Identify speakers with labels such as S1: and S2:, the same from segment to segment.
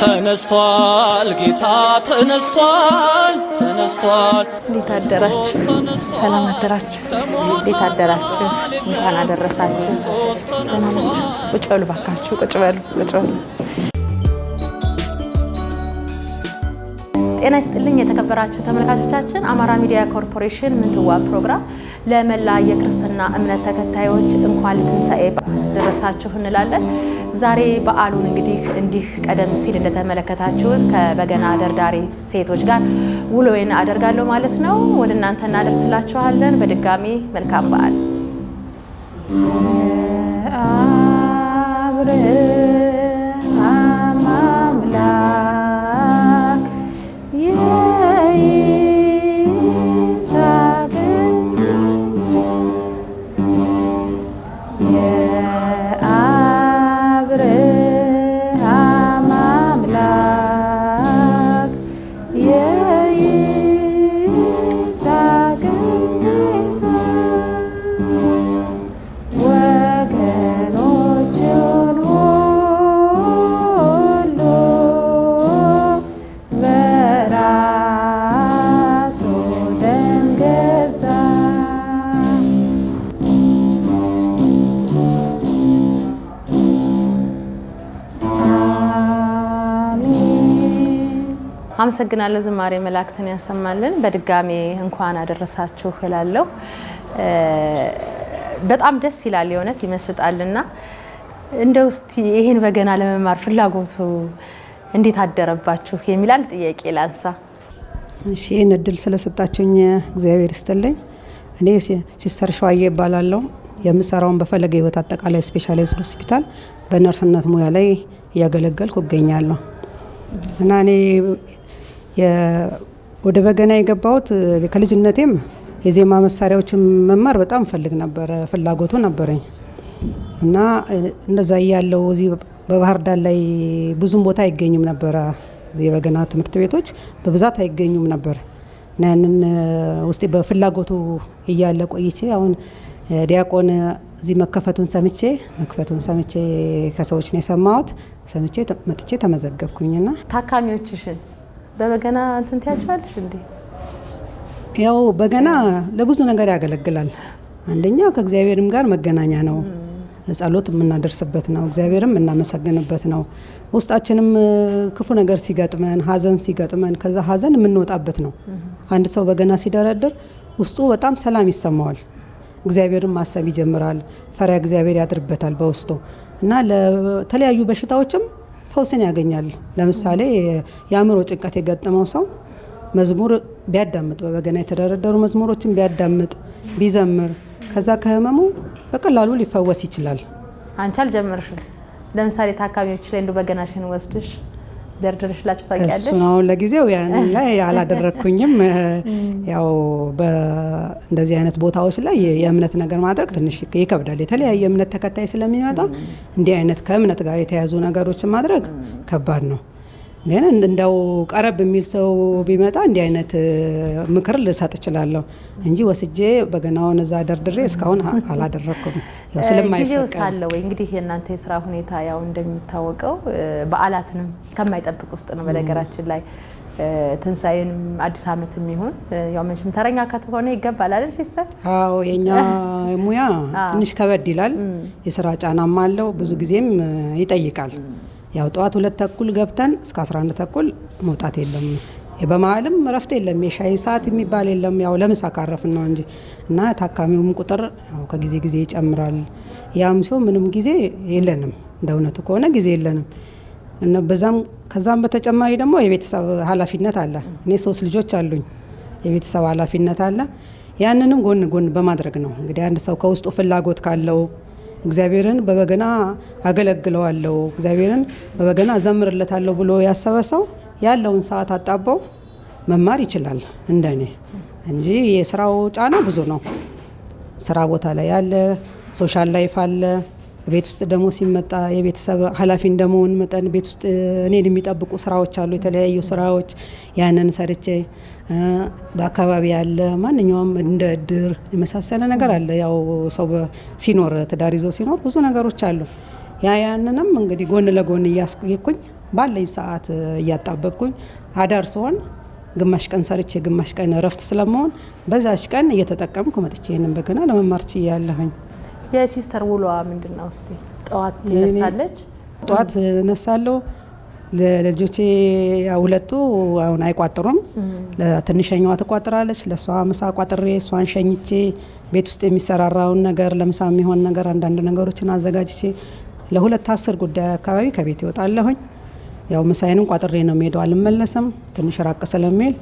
S1: ተነስቷል ጌታ ተነስቷል ተነስቷል። እንዴት አደራችሁ? ሰላም አደራችሁ? እንዴት አደራችሁ? እንኳን አደረሳችሁ። ቁጭ በሉ ባካችሁ፣ ቁጭ በሉ፣ ቁጭ በሉ። ጤና ይስጥልኝ የተከበራችሁ ተመልካቾቻችን። አማራ ሚዲያ ኮርፖሬሽን ምንትዋ ፕሮግራም ለመላ የክርስትና እምነት ተከታዮች እንኳን ለትንሣኤ ደረሳችሁ እንላለን። ዛሬ በዓሉን እንግዲህ እንዲህ ቀደም ሲል እንደተመለከታችሁት ከበገና ደርዳሪ ሴቶች ጋር ውሎዬን አደርጋለሁ ማለት ነው። ወደ እናንተ እናደርስላችኋለን። በድጋሚ መልካም በዓል አመሰግናለሁ። ዝማሬ መላእክትን ያሰማልን። በድጋሜ እንኳን አደረሳችሁ እላለሁ። በጣም ደስ ይላል፣ የእውነት ይመስጣልና እንደው እስቲ ይሄን በገና ለመማር ፍላጎቱ እንዴት አደረባችሁ የሚል አንድ ጥያቄ ላንሳ።
S2: እሺ፣ ይህን እድል ስለሰጣችሁኝ እግዚአብሔር ይስጥልኝ። እኔ ሲስተር ሸዋዬ እባላለሁ። የምሰራውን በፈለገ ህይወት አጠቃላይ ስፔሻላይዝድ ሆስፒታል በነርስነት ሙያ ላይ እያገለገልኩ እገኛለሁ እና እኔ ወደ በገና የገባሁት ከልጅነቴም የዜማ መሳሪያዎችን መማር በጣም ፈልግ ነበረ፣ ፍላጎቱ ነበረኝ እና እንደዛ እያለው እዚህ በባህር ዳር ላይ ብዙም ቦታ አይገኙም ነበረ። የበገና ትምህርት ቤቶች በብዛት አይገኙም ነበር እና ያንን ውስጤ በፍላጎቱ እያለ ቆይቼ አሁን ዲያቆን እዚህ መከፈቱን ሰምቼ መክፈቱን ሰምቼ ከሰዎች ነው የሰማሁት። ሰምቼ መጥቼ ተመዘገብኩኝና
S1: ታካሚዎችሽን በበገና እንትን ትያቸዋለሽ እንዴ?
S2: ያው በገና ለብዙ ነገር ያገለግላል። አንደኛ ከእግዚአብሔርም ጋር መገናኛ ነው። ጸሎት የምናደርስበት ነው። እግዚአብሔርም የምናመሰግንበት ነው። ውስጣችንም ክፉ ነገር ሲገጥመን፣ ሀዘን ሲገጥመን ከዛ ሀዘን የምንወጣበት ነው። አንድ ሰው በገና ሲደረድር ውስጡ በጣም ሰላም ይሰማዋል። እግዚአብሔርን ማሰብ ይጀምራል። ፈሪሃ እግዚአብሔር ያድርበታል በውስጡ እና ለተለያዩ በሽታዎችም ፈውስን ያገኛል። ለምሳሌ የአእምሮ ጭንቀት የገጠመው ሰው መዝሙር ቢያዳምጥ፣ በበገና የተደረደሩ መዝሙሮችን ቢያዳምጥ፣ ቢዘምር ከዛ ከህመሙ በቀላሉ ሊፈወስ ይችላል።
S1: አንቺ አልጀመርሽም። ለምሳሌ ታካሚዎች ላይ እንዱ በገናሽን ወስድሽ ደርድረሽላችሁ ታውቂያለሽ?
S2: እሱን አሁን ለጊዜው ያንን ላይ አላደረግኩኝም። ያው እንደዚህ አይነት ቦታዎች ላይ የእምነት ነገር ማድረግ ትንሽ ይከብዳል። የተለያየ እምነት ተከታይ ስለሚመጣ እንዲህ አይነት ከእምነት ጋር የተያዙ ነገሮችን ማድረግ ከባድ ነው። ግን እንደው ቀረብ የሚል ሰው ቢመጣ እንዲህ አይነት ምክር ልሰጥ እችላለሁ እንጂ ወስጄ በገናውን እዛ ደርድሬ እስካሁን አላደረግኩም። ጊዜው
S1: ሳለ ወይ እንግዲህ የእናንተ የስራ ሁኔታ ያው እንደሚታወቀው በዓላትንም ከማይጠብቅ ውስጥ ነው። በነገራችን ላይ ትንሣኤንም አዲስ አመት የሚሆን ያው መቼም ተረኛ ከተሆነ ይገባል አይደል ሲስተር?
S2: አዎ የእኛ ሙያ ትንሽ ከበድ ይላል። የስራ ጫናም አለው ብዙ ጊዜም ይጠይቃል። ያው ጠዋት ሁለት ተኩል ገብተን እስከ 11 ተኩል መውጣት የለም። በመሀልም እረፍት የለም። የሻይ ሰዓት የሚባል የለም። ያው ለምሳ ካረፍን ነው እንጂ እና ታካሚውም ቁጥር ከጊዜ ጊዜ ይጨምራል። ያም ሲሆን ምንም ጊዜ የለንም፣ እንደ እውነቱ ከሆነ ጊዜ የለንም። በዛም ከዛም በተጨማሪ ደግሞ የቤተሰብ ኃላፊነት አለ። እኔ ሶስት ልጆች አሉኝ። የቤተሰብ ኃላፊነት አለ። ያንንም ጎን ጎን በማድረግ ነው እንግዲህ አንድ ሰው ከውስጡ ፍላጎት ካለው እግዚአብሔርን በበገና አገለግለዋለሁ፣ እግዚአብሔርን በበገና እዘምርለታለሁ ብሎ ያሰበ ሰው ያለውን ሰዓት አጣባው መማር ይችላል እንደኔ እንጂ የስራው ጫና ብዙ ነው። ስራ ቦታ ላይ ያለ ሶሻል ላይፍ አለ ቤት ውስጥ ደግሞ ሲመጣ የቤተሰብ ኃላፊ እንደመሆን መጠን ቤት ውስጥ እኔን የሚጠብቁ ስራዎች አሉ። የተለያዩ ስራዎች ያንን ሰርቼ በአካባቢ ያለ ማንኛውም እንደ እድር የመሳሰለ ነገር አለ። ያው ሰው ሲኖር ትዳር ይዞ ሲኖር ብዙ ነገሮች አሉ። ያ ያንንም እንግዲህ ጎን ለጎን እያስኩኝ ባለኝ ሰዓት እያጣበብኩኝ አዳር ሲሆን ግማሽ ቀን ሰርቼ ግማሽ ቀን እረፍት ስለመሆን በዛች ቀን እየተጠቀምኩ መጥቼ ይህንን በገና ለመማር ችያለሁኝ።
S1: የሲስተር ውሏ ምንድን ነው? እስኪ ጠዋት ትነሳለች?
S2: ጠዋት እነሳለሁ። ለልጆቼ ሁለቱ አሁን አይቋጥሩም። ለትንሸኛዋ ትቋጥራለች። ለእሷ ምሳ ቋጥሬ እሷን ሸኝቼ ቤት ውስጥ የሚሰራራውን ነገር ለምሳ የሚሆን ነገር አንዳንድ ነገሮችን አዘጋጅቼ ለሁለት አስር ጉዳይ አካባቢ ከቤት ይወጣለሁኝ። ያው ምሳዬንም ቋጥሬ ነው የሚሄደው፣ አልመለስም። ትንሽ ራቅ ስለሚል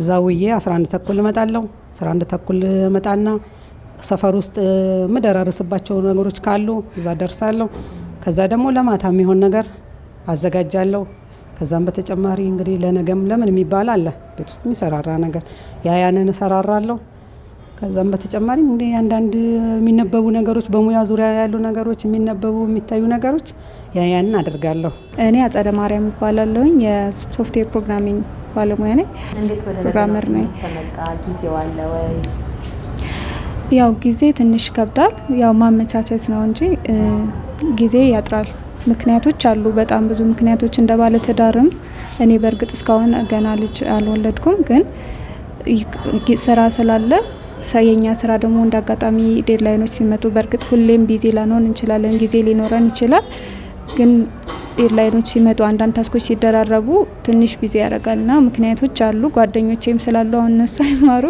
S2: እዛ ውዬ 11 ተኩል እመጣለሁ። 11 ተኩል እመጣና ሰፈር ውስጥ የምደራርስባቸው ነገሮች ካሉ እዛ ደርሳለሁ። ከዛ ደግሞ ለማታ የሚሆን ነገር አዘጋጃለሁ። ከዛም በተጨማሪ እንግዲህ ለነገም ለምን የሚባል አለ ቤት ውስጥ የሚሰራራ ነገር ያ ያንን እሰራራለሁ። ከዛም በተጨማሪ እንግዲህ አንዳንድ የሚነበቡ ነገሮች በሙያ ዙሪያ ያሉ ነገሮች የሚነበቡ የሚታዩ ነገሮች ያ ያንን አደርጋለሁ።
S3: እኔ አጸደ ማርያም ይባላለሁኝ የሶፍትዌር ፕሮግራሚንግ ባለሙያ ነኝ። ፕሮግራመር ነኝ። ያው ጊዜ ትንሽ ይከብዳል። ያው ማመቻቸት ነው እንጂ ጊዜ ያጥራል። ምክንያቶች አሉ፣ በጣም ብዙ ምክንያቶች። እንደ ባለትዳርም እኔ በእርግጥ እስካሁን ገና ልጅ አልወለድኩም፣ ግን ስራ ስላለ የእኛ ስራ ደግሞ እንደ አጋጣሚ ዴድላይኖች ሲመጡ በእርግጥ ሁሌም ቢዚ ላንሆን እንችላለን፣ ጊዜ ሊኖረን ይችላል። ግን ኤርላይኖች ሲመጡ አንዳንድ ታስኮች ሲደራረቡ ትንሽ ቢዚ ያደርጋል ና ምክንያቶች አሉ ጓደኞቼም ስላሉ አሁን እነሱ አይማሩ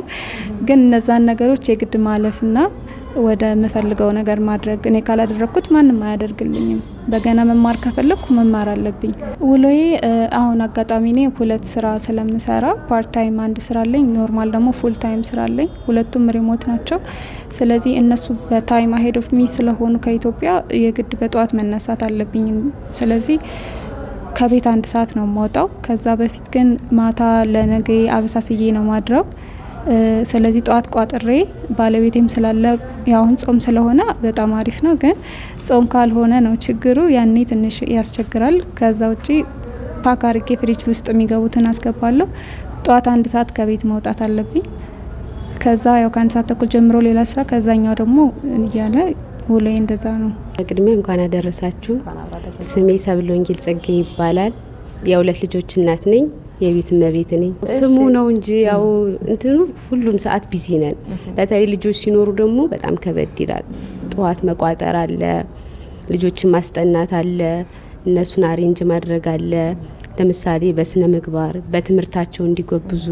S3: ግን እነዛን ነገሮች የግድ ማለፍ ና ወደ ምፈልገው ነገር ማድረግ። እኔ ካላደረግኩት ማንም አያደርግልኝም። በገና መማር ከፈለግኩ መማር አለብኝ። ውሎዬ አሁን አጋጣሚ እኔ ሁለት ስራ ስለምሰራ ፓርት ታይም አንድ ስራ አለኝ፣ ኖርማል ደግሞ ፉል ታይም ስራ አለኝ። ሁለቱም ሪሞት ናቸው። ስለዚህ እነሱ በታይም አሄድ ኦፍ ሚ ስለሆኑ ከኢትዮጵያ የግድ በጠዋት መነሳት አለብኝ። ስለዚህ ከቤት አንድ ሰዓት ነው የማወጣው። ከዛ በፊት ግን ማታ ለነገ አበሳስዬ ነው ማድረው ስለዚህ ጠዋት ቋጥሬ ባለቤቴም ስላለ ያሁን ጾም ስለሆነ በጣም አሪፍ ነው። ግን ጾም ካልሆነ ነው ችግሩ፣ ያኔ ትንሽ ያስቸግራል። ከዛ ውጪ ፓክ አርጌ ፍሪጅ ውስጥ የሚገቡትን አስገባለሁ። ጠዋት አንድ ሰዓት ከቤት መውጣት አለብኝ። ከዛ ያው ከአንድ ሰዓት ተኩል ጀምሮ ሌላ ስራ፣ ከዛኛው ደግሞ እያለ ውሎ እንደዛ ነው።
S4: በቅድሚያ እንኳን አደረሳችሁ። ስሜ ሰብሎ ወንጌል ጽጌ ይባላል። የሁለት ልጆች እናት ነኝ። የቤት እመቤት ነኝ። ስሙ ነው እንጂ ያው እንትኑ ሁሉም ሰዓት ቢዚ ነን። በተለይ ልጆች ሲኖሩ ደግሞ በጣም ከበድ ይላል። ጠዋት መቋጠር አለ፣ ልጆችን ማስጠናት አለ፣ እነሱን አሬንጅ ማድረግ አለ። ለምሳሌ በስነ ምግባር በትምህርታቸው እንዲጎብዙ፣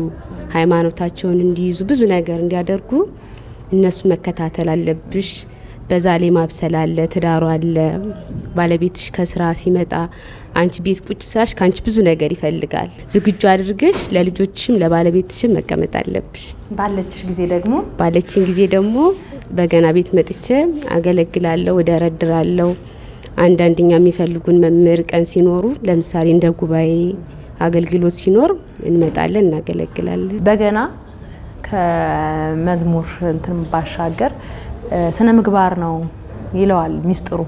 S4: ሃይማኖታቸውን እንዲይዙ፣ ብዙ ነገር እንዲያደርጉ እነሱ መከታተል አለብሽ። በዛ ላይ ማብሰል አለ፣ ትዳሩ አለ። ባለቤትሽ ከስራ ሲመጣ አንቺ ቤት ቁጭ ስራሽ ከአንቺ ብዙ ነገር ይፈልጋል። ዝግጁ አድርገሽ ለልጆችም ለባለቤትሽም መቀመጥ አለብሽ።
S1: ባለችሽ ጊዜ ደግሞ
S4: ባለችን ጊዜ ደግሞ በገና ቤት መጥቼ አገለግላለሁ፣ እደረድራለሁ። አንዳንድኛ የሚፈልጉን መምህር ቀን ሲኖሩ ለምሳሌ እንደ ጉባኤ አገልግሎት ሲኖር እንመጣለን፣ እናገለግላለን።
S1: በገና ከመዝሙር እንትን ባሻገር ስነ ምግባር ነው ይለዋል ሚስጥሩ።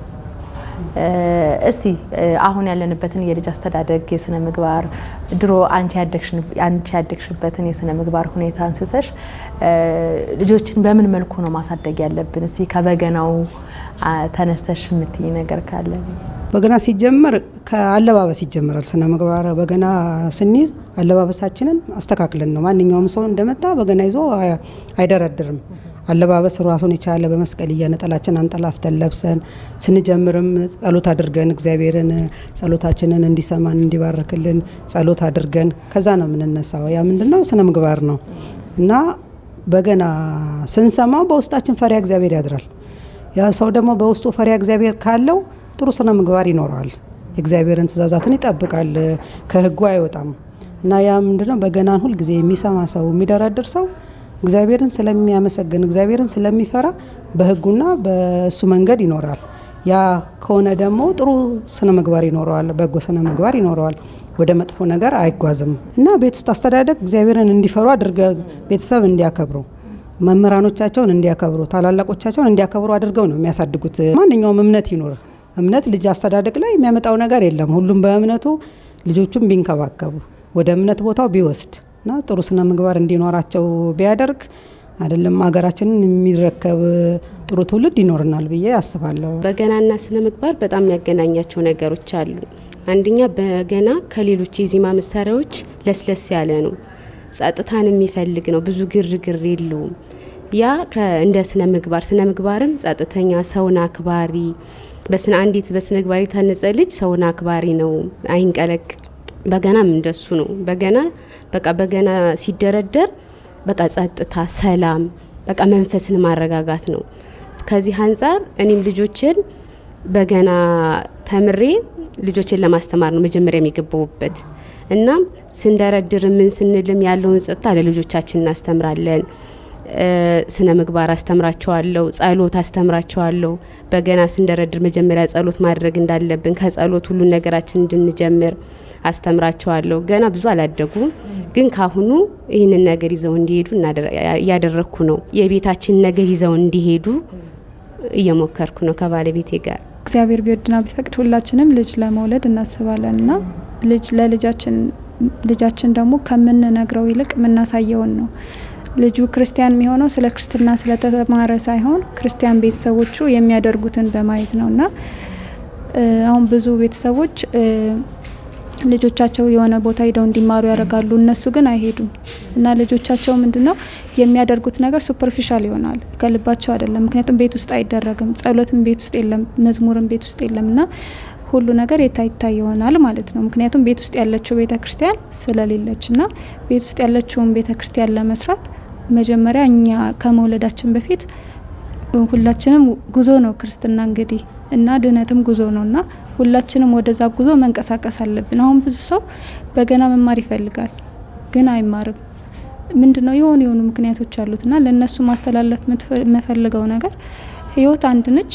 S1: እስቲ አሁን ያለንበትን የልጅ አስተዳደግ የስነ ምግባር ድሮ አንቺ ያደግሽበትን የስነ ምግባር ሁኔታ አንስተሽ ልጆችን በምን መልኩ ነው ማሳደግ ያለብን? እስቲ ከበገናው ተነስተሽ የምትይ ነገር ካለ።
S2: በገና ሲጀመር ከአለባበስ ይጀመራል። ስነ ምግባር በገና ስንይዝ አለባበሳችንን አስተካክለን ነው። ማንኛውም ሰው እንደመጣ በገና ይዞ አይደረድርም። አለባበስ ራሱን የቻለ በመስቀልያ ነጠላችን አንጠላፍተን ለብሰን ስንጀምርም ጸሎት አድርገን እግዚአብሔርን ጸሎታችንን እንዲሰማን እንዲባርክልን ጸሎት አድርገን ከዛ ነው የምንነሳው። ያ ምንድነው ስነ ምግባር ነው እና በገና ስንሰማው በውስጣችን ፈሪያ እግዚአብሔር ያድራል። ያ ሰው ደግሞ በውስጡ ፈሪያ እግዚአብሔር ካለው ጥሩ ስነ ምግባር ይኖረዋል። የእግዚአብሔርን ትእዛዛትን ይጠብቃል፣ ከህጉ አይወጣም እና ያ ምንድነው በገናን ሁልጊዜ የሚሰማ ሰው የሚደረድር ሰው እግዚአብሔርን ስለሚያመሰግን እግዚአብሔርን ስለሚፈራ በህጉና በእሱ መንገድ ይኖራል። ያ ከሆነ ደግሞ ጥሩ ስነ ምግባር ይኖረዋል፣ በጎ ስነ ምግባር ይኖረዋል። ወደ መጥፎ ነገር አይጓዝም እና ቤት ውስጥ አስተዳደግ እግዚአብሔርን እንዲፈሩ አድርገ ቤተሰብ እንዲያከብሩ መምህራኖቻቸውን እንዲያከብሩ ታላላቆቻቸውን እንዲያከብሩ አድርገው ነው የሚያሳድጉት። ማንኛውም እምነት ይኖር እምነት ልጅ አስተዳደግ ላይ የሚያመጣው ነገር የለም። ሁሉም በእምነቱ ልጆቹም ቢንከባከቡ ወደ እምነት ቦታው ቢወስድ እና ጥሩ ስነ ምግባር እንዲኖራቸው ቢያደርግ አይደለም ሀገራችንን የሚረከብ ጥሩ ትውልድ ይኖርናል ብዬ አስባለሁ።
S4: በገናና ስነ ምግባር በጣም የሚያገናኛቸው ነገሮች አሉ። አንደኛ በገና ከሌሎች የዜማ መሳሪያዎች ለስለስ ያለ ነው፣ ጸጥታን የሚፈልግ ነው፣ ብዙ ግርግር የለውም። ያ እንደ ስነ ምግባር ስነ ምግባርም ጸጥተኛ ሰውን አክባሪ በስነ አንዲት በስነ ምግባር የታነጸ ልጅ ሰውን አክባሪ ነው፣ አይንቀለቅ። በገናም እንደሱ ነው። በገና በቃ በገና ሲደረደር በቃ ጸጥታ፣ ሰላም፣ በቃ መንፈስን ማረጋጋት ነው። ከዚህ አንጻር እኔም ልጆችን በገና ተምሬ ልጆችን ለማስተማር ነው መጀመሪያ የሚገባውበት እና ስንደረድር ምን ስንልም ያለውን ጸጥታ ለልጆቻችን እናስተምራለን። ስነ ምግባር አስተምራቸዋለሁ፣ ጸሎት አስተምራቸዋለሁ። በገና ስንደረድር መጀመሪያ ጸሎት ማድረግ እንዳለብን ከጸሎት ሁሉን ነገራችን እንድንጀምር አስተምራቸዋለሁ። ገና ብዙ አላደጉም፣ ግን ካሁኑ ይህንን ነገር ይዘው እንዲሄዱ እያደረግኩ ነው። የቤታችን ነገር ይዘው እንዲሄዱ እየሞከርኩ ነው ከባለቤቴ ጋር።
S3: እግዚአብሔር ቢወድና ቢፈቅድ ሁላችንም ልጅ ለመውለድ እናስባለን እና ልጅ ለልጃችን ልጃችን ደግሞ ከምንነግረው ይልቅ የምናሳየውን ነው ልጁ ክርስቲያን የሚሆነው ስለ ክርስትና ስለተማረ ሳይሆን ክርስቲያን ቤተሰቦቹ የሚያደርጉትን በማየት ነው እና አሁን ብዙ ቤተሰቦች ልጆቻቸው የሆነ ቦታ ሄደው እንዲማሩ ያደርጋሉ። እነሱ ግን አይሄዱም እና ልጆቻቸው ምንድን ነው የሚያደርጉት ነገር ሱፐርፊሻል ይሆናል፣ ከልባቸው አይደለም። ምክንያቱም ቤት ውስጥ አይደረግም፣ ጸሎትም ቤት ውስጥ የለም፣ መዝሙርም ቤት ውስጥ የለም እና ሁሉ ነገር የታይታይ ይሆናል ማለት ነው። ምክንያቱም ቤት ውስጥ ያለችው ቤተ ክርስቲያን ስለሌለች እና ቤት ውስጥ ያለችውን ቤተ ክርስቲያን ለመስራት መጀመሪያ እኛ ከመውለዳችን በፊት ሁላችንም ጉዞ ነው ክርስትና እንግዲህ እና ድህነትም ጉዞ ነው እና ሁላችንም ወደዛ ጉዞ መንቀሳቀስ አለብን። አሁን ብዙ ሰው በገና መማር ይፈልጋል፣ ግን አይማርም። ምንድን ነው የሆኑ የሆኑ ምክንያቶች አሉት እና ለእነሱ ማስተላለፍ የምፈልገው ነገር ህይወት አንድ ነች።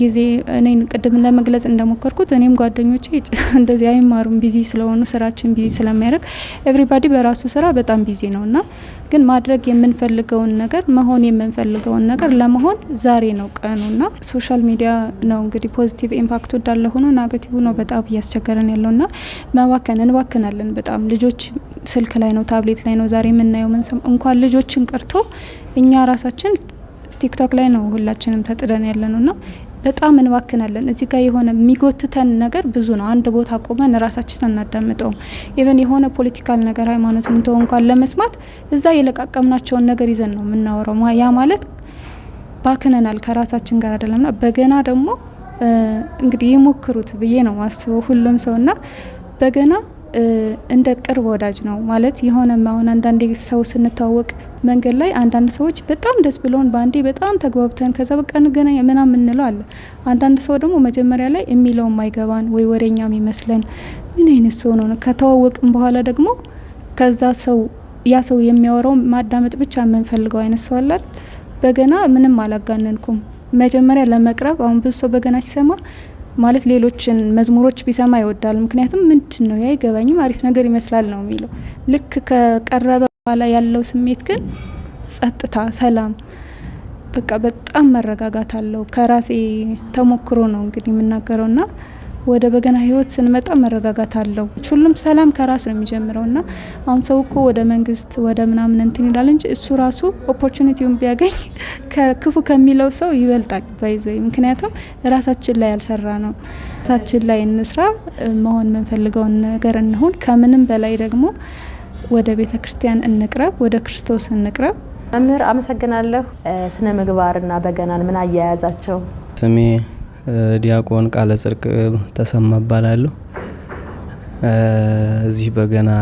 S3: ጊዜ እኔን ቅድም ለመግለጽ እንደሞከርኩት እኔም ጓደኞቼ እንደዚህ አይማሩም ቢዚ ስለሆኑ ስራችን ቢዚ ስለሚያደርግ ኤቭሪባዲ በራሱ ስራ በጣም ቢዚ ነው እና ግን ማድረግ የምንፈልገውን ነገር መሆን የምንፈልገውን ነገር ለመሆን ዛሬ ነው ቀኑ ቀኑና ሶሻል ሚዲያ ነው እንግዲህ ፖዚቲቭ ኢምፓክቱ እንዳለ ሆኖ ናገቲቭ ነው በጣም እያስቸገረን ያለው እና መባከን እንባክናለን በጣም ልጆች ስልክ ላይ ነው ታብሌት ላይ ነው ዛሬ የምናየው ምን እንኳን ልጆችን ቀርቶ እኛ ራሳችን ቲክቶክ ላይ ነው ሁላችንም ተጥደን ያለ ነው ና በጣም እንባክናለን። እዚህ ጋር የሆነ የሚጎትተን ነገር ብዙ ነው። አንድ ቦታ ቆመን ራሳችን አናዳምጠውም። ኢቨን የሆነ ፖለቲካል ነገር ሃይማኖት ምንተው እንኳን ለመስማት እዛ የለቃቀምናቸውን ነገር ይዘን ነው የምናወራው። ያ ማለት ባክነናል፣ ከራሳችን ጋር ና በገና ደግሞ እንግዲህ ይሞክሩት ብዬ ነው ማስበው ሁሉም ሰውና በገና እንደ ቅርብ ወዳጅ ነው ማለት የሆነ አሁን አንዳንዴ ሰው ስንተዋወቅ መንገድ ላይ አንዳንድ ሰዎች በጣም ደስ ብለውን በአንዴ በጣም ተግባብተን ከዛ በቃ እንገናኝ ምናምን የምንለው አለ። አንዳንድ ሰው ደግሞ መጀመሪያ ላይ የሚለውን ማይገባን ወይ ወሬኛ የሚመስለን ምን አይነት ሰው ነው ከተዋወቅን በኋላ ደግሞ ከዛ ሰው ያ ሰው የሚያወራው ማዳመጥ ብቻ የምንፈልገው አይነት ሰው አላል። በገና ምንም አላጋነንኩም። መጀመሪያ ለመቅረብ አሁን ብዙ ሰው በገና ሲሰማ ማለት ሌሎችን መዝሙሮች ቢሰማ ይወዳል። ምክንያቱም ምንድን ነው ያ ይገባኝም አሪፍ ነገር ይመስላል ነው የሚለው ልክ ከቀረበ በኋላ ያለው ስሜት ግን ጸጥታ፣ ሰላም በቃ በጣም መረጋጋት አለው። ከራሴ ተሞክሮ ነው እንግዲህ የምናገረው ና ወደ በገና ህይወት ስንመጣ መረጋጋት አለው። ሁሉም ሰላም ከራስ ነው የሚጀምረው ና አሁን ሰው እኮ ወደ መንግስት ወደ ምናምን እንትን ይላል እንጂ እሱ ራሱ ኦፖርቹኒቲውን ቢያገኝ ክፉ ከሚለው ሰው ይበልጣል ባይዘ ምክንያቱም ራሳችን ላይ ያልሰራ ነው። ራሳችን ላይ እንስራ፣ መሆን የምንፈልገውን ነገር እንሆን። ከምንም በላይ ደግሞ ወደ ቤተ ክርስቲያን እንቅረብ፣ ወደ ክርስቶስ እንቅረብ።
S1: መምህር አመሰግናለሁ። ስነ ምግባርና በገናን ምን አያያዛቸው?
S5: ስሜ ዲያቆን ቃለ ጽድቅ ተሰማ እባላለሁ። እዚህ በገና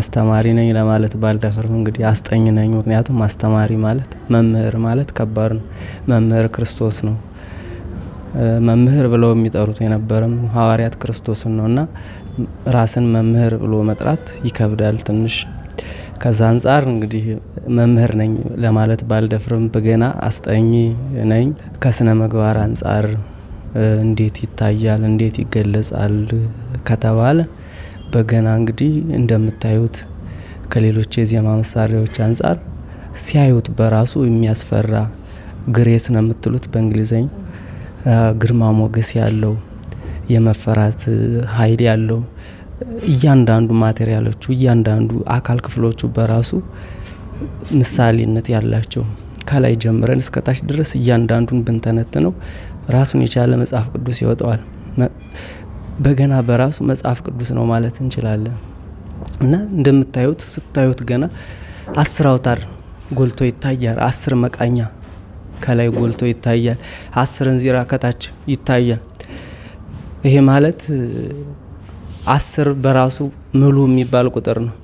S5: አስተማሪ ነኝ ለማለት ባልደፍርም እንግዲህ አስጠኝ ነኝ። ምክንያቱም አስተማሪ ማለት መምህር ማለት ከባድ ነው። መምህር ክርስቶስ ነው። መምህር ብለው የሚጠሩት የነበረም ሐዋርያት ክርስቶስን ነው እና ራስን መምህር ብሎ መጥራት ይከብዳል ትንሽ። ከዛ አንጻር እንግዲህ መምህር ነኝ ለማለት ባልደፍርም በገና አስጠኝ ነኝ። ከስነ ምግባር አንጻር እንዴት ይታያል፣ እንዴት ይገለጻል ከተባለ በገና እንግዲህ እንደምታዩት ከሌሎች የዜማ መሳሪያዎች አንጻር ሲያዩት በራሱ የሚያስፈራ ግሬስ ነው የምትሉት በእንግሊዘኝ ግርማ ሞገስ ያለው የመፈራት ኃይል ያለው እያንዳንዱ ማቴሪያሎቹ እያንዳንዱ አካል ክፍሎቹ በራሱ ምሳሌነት ያላቸው ከላይ ጀምረን እስከ ታች ድረስ እያንዳንዱን ብንተነትነው ራሱን የቻለ መጽሐፍ ቅዱስ ይወጣዋል። በገና በራሱ መጽሐፍ ቅዱስ ነው ማለት እንችላለን። እና እንደምታዩት ስታዩት ገና አስር አውታር ጎልቶ ይታያል። አስር መቃኛ ከላይ ጎልቶ ይታያል። አስር እንዚራ ከታች ይታያል። ይሄ ማለት አስር በራሱ ምሉ የሚባል ቁጥር ነው።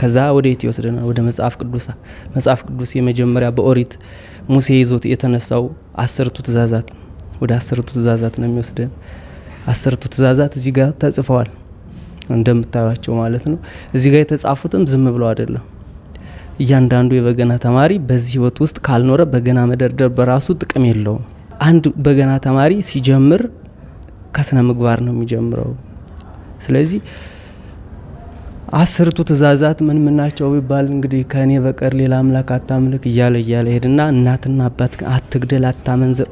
S5: ከዛ ወደ የት ይወስደናል? ወደ መጽሐፍ ቅዱስ። መጽሐፍ ቅዱስ የመጀመሪያ በኦሪት ሙሴ ይዞት የተነሳው አስርቱ ትእዛዛት ወደ አስርቱ ትእዛዛት ነው የሚወስደን። አስርቱ ትእዛዛት እዚህ ጋር ተጽፈዋል እንደምታዩቸው ማለት ነው። እዚህ ጋር የተጻፉትም ዝም ብለው አይደለም። እያንዳንዱ የበገና ተማሪ በዚህ ህይወት ውስጥ ካልኖረ በገና መደርደር በራሱ ጥቅም የለውም። አንድ በገና ተማሪ ሲጀምር ከስነ ምግባር ነው የሚጀምረው። ስለዚህ አስርቱ ትእዛዛት ምን ምን ናቸው ይባል እንግዲህ ከእኔ በቀር ሌላ አምላክ አታምልክ እያለ እያለ ሄድና እናትና አባት አትግደል፣ አታመንዝር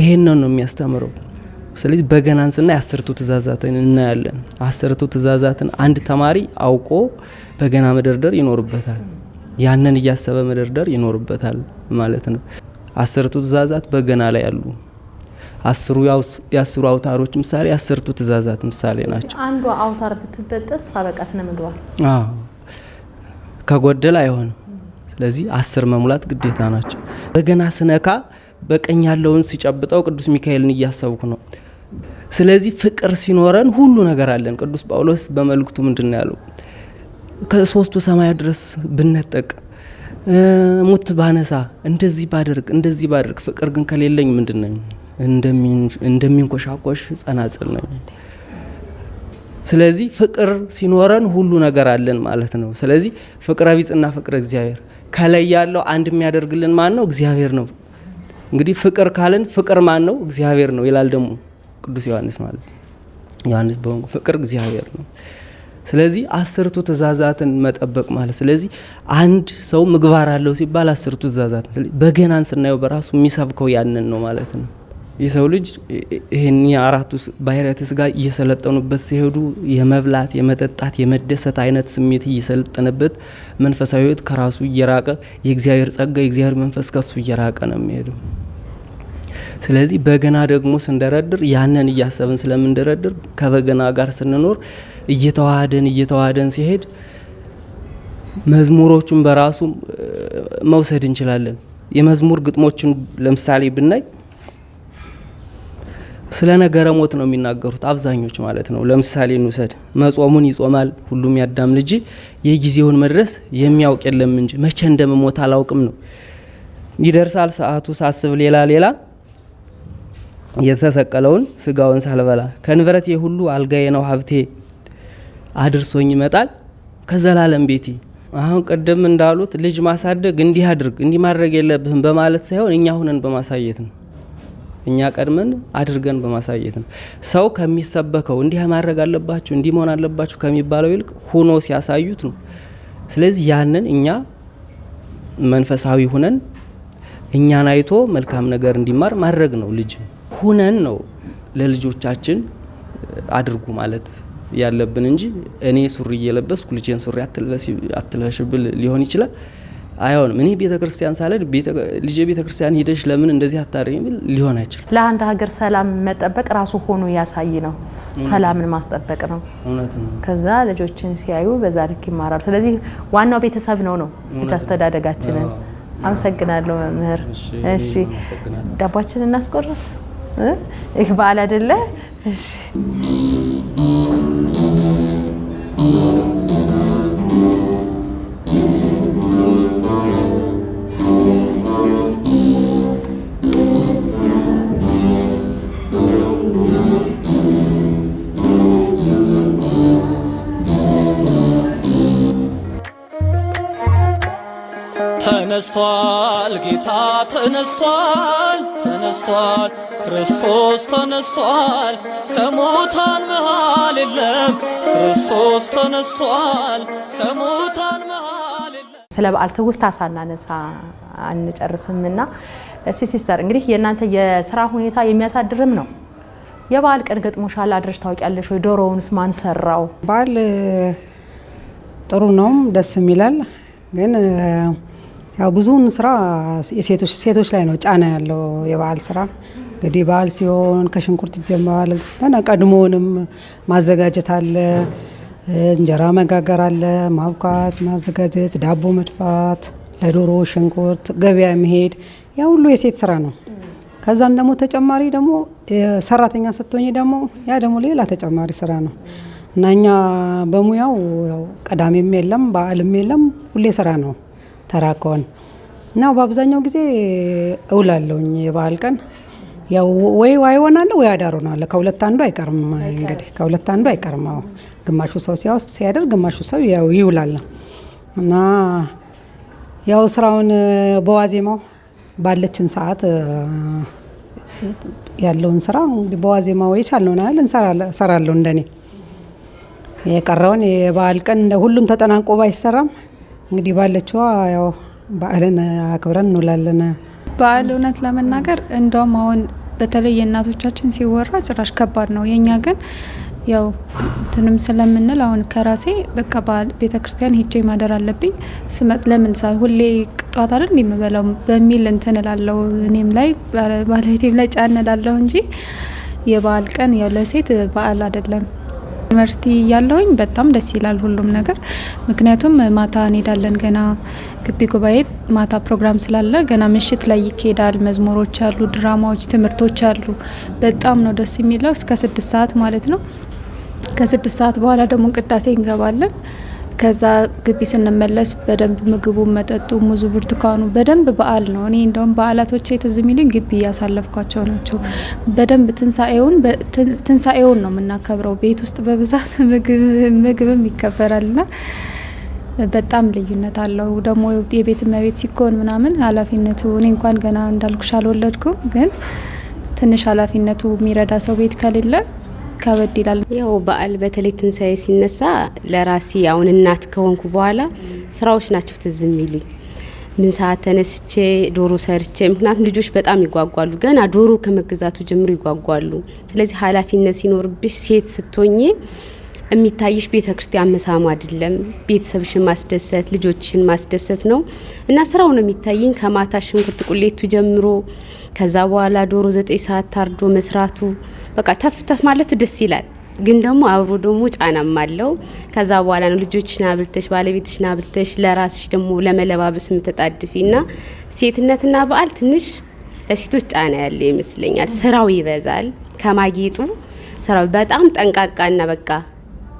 S5: ይሄን ነው ነው የሚያስተምረው። ስለዚህ በገናን ስናይ የአስርቱ ትእዛዛትን እናያለን። አስርቱ ትእዛዛትን አንድ ተማሪ አውቆ በገና መደርደር ይኖርበታል። ያንን እያሰበ መደርደር ይኖርበታል ማለት ነው። አስርቱ ትእዛዛት በገና ላይ አሉ። አስሩ የአስሩ አውታሮች ምሳሌ አስርቱ ትእዛዛት ምሳሌ ናቸው።
S1: አንዱ አውታር ብትበጠስ ሳበቃ ስነ ምግባር
S5: ከጎደል አይሆንም። ስለዚህ አስር መሙላት ግዴታ ናቸው። በገና ስነካ በቀኝ ያለውን ሲጨብጠው ቅዱስ ሚካኤልን እያሰብኩ ነው። ስለዚህ ፍቅር ሲኖረን ሁሉ ነገር አለን። ቅዱስ ጳውሎስ በመልእክቱ ምንድን ነው ያለው? ከሶስቱ ሰማያት ድረስ ብነጠቅ ሙት ባነሳ፣ እንደዚህ ባደርግ፣ እንደዚህ ባደርግ፣ ፍቅር ግን ከሌለኝ ምንድን ነኝ? እንደሚንኮሻኮሽ ጸናጽል ነኝ። ስለዚህ ፍቅር ሲኖረን ሁሉ ነገር አለን ማለት ነው። ስለዚህ ፍቅረ ቢጽና ፍቅረ እግዚአብሔር ከላይ ያለው አንድ የሚያደርግልን ማን ነው? እግዚአብሔር ነው። እንግዲህ ፍቅር ካልን ፍቅር ማን ነው? እግዚአብሔር ነው ይላል ደግሞ ቅዱስ ዮሐንስ ማለት ዮሐንስ በወንቁ ፍቅር እግዚአብሔር ነው። ስለዚህ አስርቱ ትእዛዛትን መጠበቅ ማለት ስለዚህ አንድ ሰው ምግባር አለው ሲባል አስርቱ ትእዛዛት በገናን ስናየው በራሱ የሚሰብከው ያንን ነው ማለት ነው። የሰው ልጅ ይህን የአራቱ ባህሪያተ ስጋ እየሰለጠኑበት ሲሄዱ የመብላት፣ የመጠጣት፣ የመደሰት አይነት ስሜት እየሰለጠነበት መንፈሳዊ ህይወት ከራሱ እየራቀ የእግዚአብሔር ጸጋ የእግዚአብሔር መንፈስ ከሱ እየራቀ ነው የሚሄደው። ስለዚህ በገና ደግሞ ስንደረድር ያንን እያሰብን ስለምንደረድር ከበገና ጋር ስንኖር እየተዋህደን እየተዋህደን ሲሄድ መዝሙሮቹን በራሱ መውሰድ እንችላለን። የመዝሙር ግጥሞችን ለምሳሌ ብናይ ስለ ነገረ ሞት ነው የሚናገሩት አብዛኞች ማለት ነው። ለምሳሌ እንውሰድ፣ መጾሙን ይጾማል ሁሉም ያዳም ልጅ የጊዜውን መድረስ የሚያውቅ የለም እንጂ መቼ እንደምሞት አላውቅም ነው። ይደርሳል ሰዓቱ ሳስብ ሌላ ሌላ የተሰቀለውን ስጋውን ሳልበላ ከንብረቴ ሁሉ አልጋዬ ነው ሀብቴ አድርሶኝ ይመጣል ከዘላለም ቤቴ። አሁን ቅድም እንዳሉት ልጅ ማሳደግ እንዲህ አድርግ እንዲህ ማድረግ የለብህም በማለት ሳይሆን እኛ ሁነን በማሳየት ነው። እኛ ቀድመን አድርገን በማሳየት ነው። ሰው ከሚሰበከው እንዲህ ማድረግ አለባችሁ እንዲህ መሆን አለባችሁ ከሚባለው ይልቅ ሁኖ ሲያሳዩት ነው። ስለዚህ ያንን እኛ መንፈሳዊ ሁነን እኛን አይቶ መልካም ነገር እንዲማር ማድረግ ነው። ልጅ ሁነን ነው ለልጆቻችን አድርጉ ማለት ያለብን እንጂ እኔ ሱሪ እየለበስኩ ልጄን ሱሪ አትልበሽብል ሊሆን ይችላል። አይሆንም። እኔ ቤተ ክርስቲያን ሳለ ልጄ ቤተ ክርስቲያን ሂደሽ ለምን እንደዚህ አታደርጊም ብል ሊሆን አይችልም።
S1: ለአንድ ሀገር ሰላም መጠበቅ ራሱ ሆኖ ያሳይ ነው፣ ሰላምን ማስጠበቅ ነው። እውነት ነው። ከዛ ልጆችን ሲያዩ በዛ ልክ ይማራሉ። ስለዚህ ዋናው ቤተሰብ ነው ነው አስተዳደጋችንን። አመሰግናለሁ መምህር። እሺ ዳቧችንን እናስቆርስ። ይህ በዓል አይደለ? እሺ ተነስቷል፣ ጌታ ተነስቷል፣ ተነስቷል፣ ክርስቶስ ተነስቷል። ከሙታን መሃል የለም፣ ክርስቶስ ተነስቷል፣ ከሙታን መሃል የለም። ስለ በዓል ትውስታ ሳናነሳ አንጨርስምና እሺ ሲስተር፣ እንግዲህ የእናንተ የስራ ሁኔታ የሚያሳድርም ነው። የበዓል ቀን ገጥሞሻል አድረሽ ታውቂያለሽ ወይ? ዶሮውንስ ማን ሰራው?
S2: በዓል ጥሩ ነው፣ ደስ ይላል ግን ያው ብዙውን ስራ የሴቶች ሴቶች ላይ ነው ጫና ያለው። የበዓል ስራ እንግዲህ በዓል ሲሆን ከሽንኩርት ይጀመራል። ገና ቀድሞውንም ማዘጋጀት አለ፣ እንጀራ መጋገር አለ፣ ማብካት ማዘጋጀት፣ ዳቦ መድፋት፣ ለዶሮ ሽንኩርት ገበያ መሄድ፣ ያ ሁሉ የሴት ስራ ነው። ከዛም ደግሞ ተጨማሪ ደግሞ ሰራተኛ ስትሆኝ ደግሞ ያ ደግሞ ሌላ ተጨማሪ ስራ ነው እና እኛ በሙያው ቅዳሜም የለም በዓልም የለም ሁሌ ስራ ነው። ተራከውን ከሆነ በአብዛኛው ጊዜ እውላለሁኝ የበዓል ቀን ወይ አይሆናለሁ ወይ አዳር ሆናለሁ። ከሁለት አንዱ አይቀርም እንግዲህ ከሁለት አንዱ አይቀርም። አዎ ግማሹ ሰው ሲያውስ ሲያደር፣ ግማሹ ሰው ያው ይውላል እና ያው ስራውን በዋዜማው ባለችን ሰዓት ያለውን ስራ እንግዲህ በዋዜማው የቻልነውን ያህል እንሰራለሁ። እንደኔ የቀረውን የበዓል ቀን ሁሉም ተጠናቆ ባይሰራም እንግዲህ ባለችዋ ያው በዓልን አክብረን እንውላለን።
S3: በዓል እውነት ለመናገር እንደውም አሁን በተለይ የእናቶቻችን ሲወራ ጭራሽ ከባድ ነው። የእኛ ግን ያው እንትንም ስለምንል አሁን ከራሴ በቃ በዓል ቤተ ክርስቲያን ሄጄ ማደር አለብኝ ስመጥ ለምን ሳ ሁሌ ቅጧት አለ እንደምበላው በሚል እንትን እላለሁ። እኔም ላይ ባለቤቴም ላይ ጫን እላለሁ እንጂ የበዓል ቀን ያው ለሴት በዓል አይደለም። ዩኒቨርሲቲ እያለውኝ በጣም ደስ ይላል ሁሉም ነገር። ምክንያቱም ማታ እንሄዳለን ገና ግቢ ጉባኤ ማታ ፕሮግራም ስላለ ገና ምሽት ላይ ይካሄዳል። መዝሙሮች አሉ፣ ድራማዎች፣ ትምህርቶች አሉ። በጣም ነው ደስ የሚለው እስከ ስድስት ሰዓት ማለት ነው። ከስድስት ሰዓት በኋላ ደግሞ ቅዳሴ እንገባለን። ከዛ ግቢ ስንመለስ በደንብ ምግቡ፣ መጠጡ፣ ሙዙ፣ ብርቱካኑ በደንብ በዓል ነው። እኔ እንደውም በዓላቶቼ ትዝ የሚሉኝ ግቢ እያሳለፍኳቸው ናቸው። በደንብ ትንሳኤውን ትንሳኤውን ነው የምናከብረው። ቤት ውስጥ በብዛት ምግብም ና በጣም ልዩነት አለው። ደግሞ የቤት እመቤት ሲኮን ምናምን ኃላፊነቱ እኔ እንኳን ገና እንዳልኩሽ አልወለድኩም፣ ግን ትንሽ ኃላፊነቱ የሚረዳ ሰው ቤት ከሌለ ከበድ ይላል።
S4: ያው በዓል በተለይ ትንሳኤ ሲነሳ ለራሴ አሁን እናት ከሆንኩ በኋላ ስራዎች ናቸው ትዝ የሚሉኝ ምን ሰዓት ተነስቼ ዶሮ ሰርቼ፣ ምክንያቱም ልጆች በጣም ይጓጓሉ። ገና ዶሮ ከመገዛቱ ጀምሮ ይጓጓሉ። ስለዚህ ኃላፊነት ሲኖርብሽ ሴት ስትሆኚ የሚታይሽ ቤተ ክርስቲያን መሳሙ አይደለም፣ ቤተሰብሽን ማስደሰት ልጆችሽን ማስደሰት ነው እና ስራው ነው የሚታይኝ። ከማታ ሽንኩርት ቁሌቱ ጀምሮ ከዛ በኋላ ዶሮ ዘጠኝ ሰዓት ታርዶ መስራቱ በቃ ተፍ ተፍ ማለቱ ደስ ይላል። ግን ደግሞ አብሮ ደግሞ ጫናም አለው። ከዛ በኋላ ነው ልጆችሽን አብልተሽ ባለቤትሽን አብልተሽ ለራስሽ ደግሞ ለመለባበስ የምትጣድፊ እና ሴትነትና በዓል ትንሽ ለሴቶች ጫና ያለው ይመስለኛል። ስራው ይበዛል ከማጌጡ ስራው በጣም ጠንቃቃና በቃ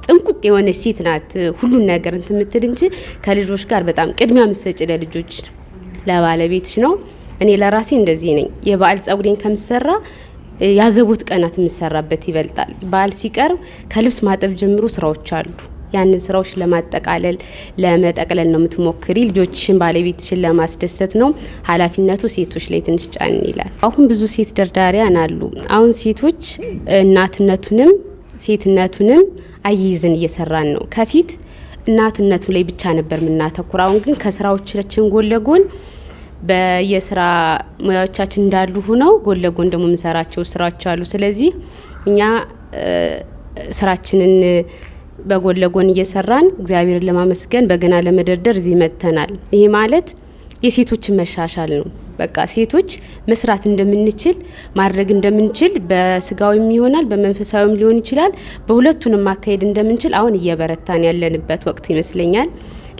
S4: ጥንቁቅ የሆነች ሴት ናት። ሁሉን ነገር እንትምትል እንጂ ከልጆች ጋር በጣም ቅድሚያ ምሰጭ ለልጆች ለባለቤትሽ ነው። እኔ ለራሴ እንደዚህ ነኝ። የበዓል ጸጉሬን ከምሰራ ያዘቡት ቀናት የሚሰራበት ይበልጣል። በዓል ሲቀርብ ከልብስ ማጠብ ጀምሮ ስራዎች አሉ። ያንን ስራዎች ለማጠቃለል ለመጠቅለል ነው የምትሞክሪ። ልጆችሽን ባለቤትሽን ለማስደሰት ነው። ኃላፊነቱ ሴቶች ላይ ትንሽ ጫን ይላል። አሁን ብዙ ሴት ደርዳሪያን አሉ። አሁን ሴቶች እናትነቱንም ሴትነቱንም አይይዝን እየሰራን ነው። ከፊት እናትነቱ ላይ ብቻ ነበር የምናተኩር። አሁን ግን ከስራዎቻችን ጎን ለጎን በየስራ ሙያዎቻችን እንዳሉ ሆነው ጎን ለጎን ደግሞ የምንሰራቸው ስራዎች አሉ። ስለዚህ እኛ ስራችንን በጎን ለጎን እየሰራን እግዚአብሔርን ለማመስገን በገና ለመደርደር እዚህ መጥተናል። ይሄ ማለት የሴቶችን መሻሻል ነው። በቃ ሴቶች መስራት እንደምንችል ማድረግ እንደምንችል በስጋዊም ይሆናል በመንፈሳዊም ሊሆን ይችላል። በሁለቱንም ማካሄድ እንደምንችል አሁን እየበረታን ያለንበት ወቅት ይመስለኛል።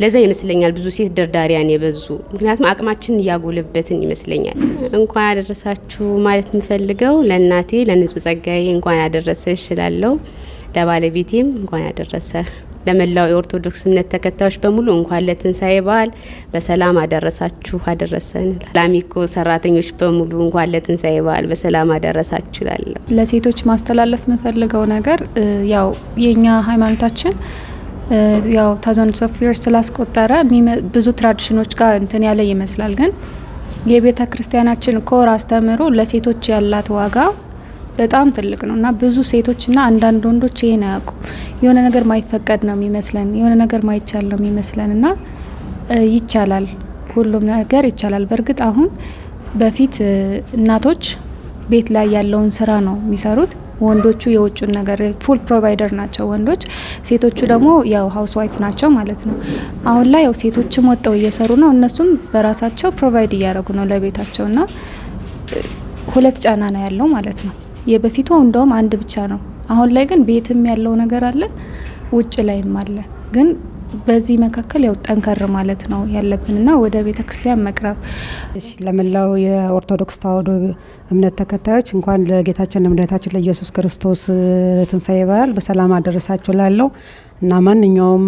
S4: ለዛ ይመስለኛል ብዙ ሴት ደርዳሪያን የበዙ ምክንያቱም አቅማችን እያጎለበትን ይመስለኛል። እንኳን ያደረሳችሁ ማለት የምፈልገው ለእናቴ ለንጹህ ጸጋዬ እንኳን ያደረሰ ይችላለው። ለባለቤቴም እንኳን ያደረሰ ለመላው የኦርቶዶክስ እምነት ተከታዮች በሙሉ እንኳን ለትንሳኤ በዓል በሰላም አደረሳችሁ አደረሰን። ላሚኮ ሰራተኞች በሙሉ እንኳን ለትንሳኤ በዓል በሰላም አደረሳችሁ ላለሁ
S3: ለሴቶች ማስተላለፍ የምፈልገው ነገር ያው የእኛ ሃይማኖታችን ያው ታውዘንድ ሶፍትዌር ስላስቆጠረ ብዙ ትራዲሽኖች ጋር እንትን ያለ ይመስላል። ግን የቤተ ክርስቲያናችን ኮር አስተምህሮ ለሴቶች ያላት ዋጋ በጣም ትልቅ ነው እና ብዙ ሴቶችና አንዳንድ ወንዶች ይሄን አያውቁ። የሆነ ነገር ማይፈቀድ ነው የሚመስለን፣ የሆነ ነገር ማይቻል ነው የሚመስለን እና ይቻላል፣ ሁሉም ነገር ይቻላል። በእርግጥ አሁን በፊት እናቶች ቤት ላይ ያለውን ስራ ነው የሚሰሩት። ወንዶቹ የውጭን ነገር ፉል ፕሮቫይደር ናቸው ወንዶች፣ ሴቶቹ ደግሞ ያው ሀውስ ዋይፍ ናቸው ማለት ነው። አሁን ላይ ያው ሴቶችም ወጥተው እየሰሩ ነው። እነሱም በራሳቸው ፕሮቫይድ እያደረጉ ነው ለቤታቸው እና ሁለት ጫና ነው ያለው ማለት ነው። የበፊቱ እንደውም አንድ ብቻ ነው። አሁን ላይ ግን ቤትም ያለው ነገር አለ፣ ውጭ ላይም አለ ግን በዚህ መካከል ያው ጠንከር ማለት ነው ያለብንና ወደ ቤተ ክርስቲያን መቅረብ።
S2: ለመላው የኦርቶዶክስ ተዋህዶ እምነት ተከታዮች እንኳን ለጌታችን እምነታችን ለኢየሱስ ክርስቶስ ትንሳኤ በዓል በሰላም አደረሳችሁ ላለው እና ማንኛውም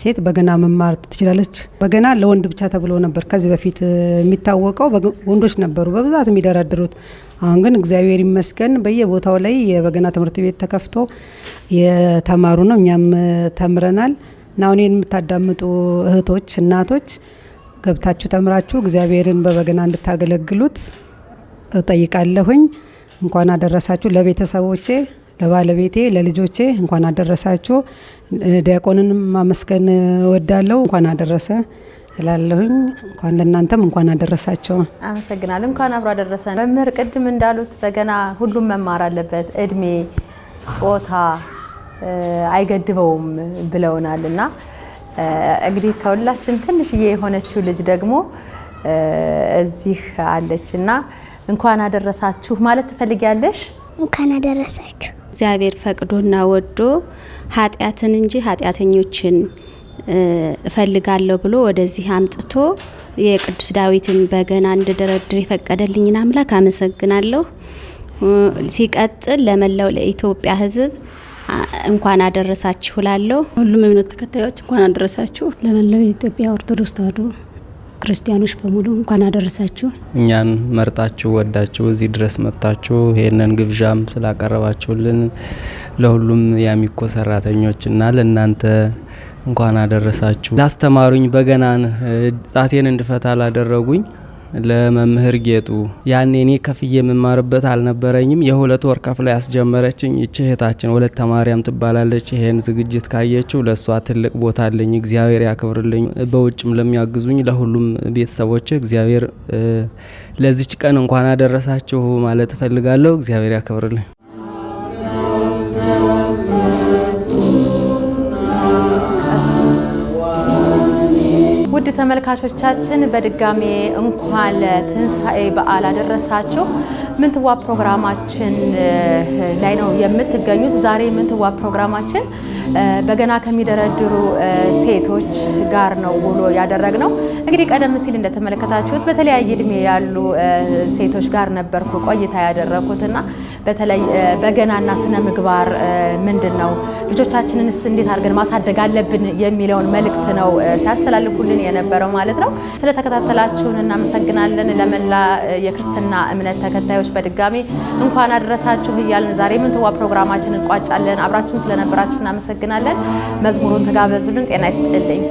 S2: ሴት በገና መማር ትችላለች። በገና ለወንድ ብቻ ተብሎ ነበር ከዚህ በፊት የሚታወቀው፣ ወንዶች ነበሩ በብዛት የሚደረድሩት። አሁን ግን እግዚአብሔር ይመስገን በየቦታው ላይ የበገና ትምህርት ቤት ተከፍቶ የተማሩ ነው። እኛም ተምረናል። እና አሁን የምታዳምጡ እህቶች፣ እናቶች ገብታችሁ ተምራችሁ እግዚአብሔርን በበገና እንድታገለግሉት እጠይቃለሁኝ። እንኳን አደረሳችሁ። ለቤተሰቦቼ፣ ለባለቤቴ፣ ለልጆቼ እንኳን አደረሳችሁ። ዲያቆንንም ማመስገን እወዳለሁ። እንኳን አደረሰ እላለሁኝ። እንኳን ለእናንተም እንኳን አደረሳቸው።
S1: አመሰግናል። እንኳን አብሮ አደረሰን። መምህር ቅድም እንዳሉት በገና ሁሉም መማር አለበት፣ እድሜ፣ ጾታ አይገድበውም ብለውናል። እና እንግዲህ ከሁላችን ትንሽዬ የሆነችው ልጅ ደግሞ እዚህ አለች እና እንኳን አደረሳችሁ ማለት ትፈልጊያለሽ?
S6: እንኳን አደረሳችሁ። እግዚአብሔር ፈቅዶና ወዶ ኃጢአትን እንጂ ኃጢአተኞችን እፈልጋለሁ ብሎ ወደዚህ አምጥቶ የቅዱስ ዳዊትን በገና እንድደረድር የፈቀደልኝን አምላክ አመሰግናለሁ። ሲቀጥል ለመላው ለኢትዮጵያ ሕዝብ እንኳን አደረሳችሁ ላለሁ
S1: ሁሉም እምነት ተከታዮች እንኳን አደረሳችሁ።
S3: ለመላው የኢትዮጵያ ኦርቶዶክስ ተዋህዶ ክርስቲያኖች በሙሉ እንኳን አደረሳችሁ።
S5: እኛን መርጣችሁ ወዳችሁ እዚህ ድረስ መጥታችሁ ይህንን ግብዣም ስላቀረባችሁልን ለሁሉም የአሚኮ ሰራተኞችና ለእናንተ እንኳን አደረሳችሁ። ላስተማሩኝ፣ በገናን ጣቴን እንድፈታ ላደረጉኝ ለመምህር ጌጡ ያኔ እኔ ከፍዬ የምማርበት አልነበረኝም። የሁለት ወር ላይ ያስጀመረችኝ ይች እህታችን ወለተ ማርያም ትባላለች። ይሄን ዝግጅት ካየችው ለእሷ ትልቅ ቦታ አለኝ። እግዚአብሔር ያክብርልኝ። በውጭም ለሚያግዙኝ ለሁሉም ቤተሰቦች እግዚአብሔር ለዚች ቀን እንኳን አደረሳችሁ ማለት እፈልጋለሁ። እግዚአብሔር ያክብርልኝ።
S1: ውድ ተመልካቾቻችን በድጋሜ እንኳን ለትንሣኤ በዓል አደረሳችሁ። ምንትዋ ፕሮግራማችን ላይ ነው የምትገኙት። ዛሬ ምንትዋ ፕሮግራማችን በገና ከሚደረድሩ ሴቶች ጋር ነው ውሎ ያደረግነው። እንግዲህ ቀደም ሲል እንደተመለከታችሁት በተለያየ እድሜ ያሉ ሴቶች ጋር ነበርኩ ቆይታ ያደረኩትና በተለይ በገናና ስነ ምግባር ምንድን ነው፣ ልጆቻችንንስ እንዴት አድርገን ማሳደግ አለብን የሚለውን መልእክት ነው ሲያስተላልፉልን የነበረው ማለት ነው። ስለተከታተላችሁን እናመሰግናለን። ለመላ የክርስትና እምነት ተከታዮች በድጋሜ እንኳን አድረሳችሁ እያልን ዛሬ ምንትዋ ፕሮግራማችን እንቋጫለን። አብራችሁን ስለነበራችሁ እናመሰግናለን። መዝሙሩን ተጋበዙልን። ጤና ይስጥልኝ።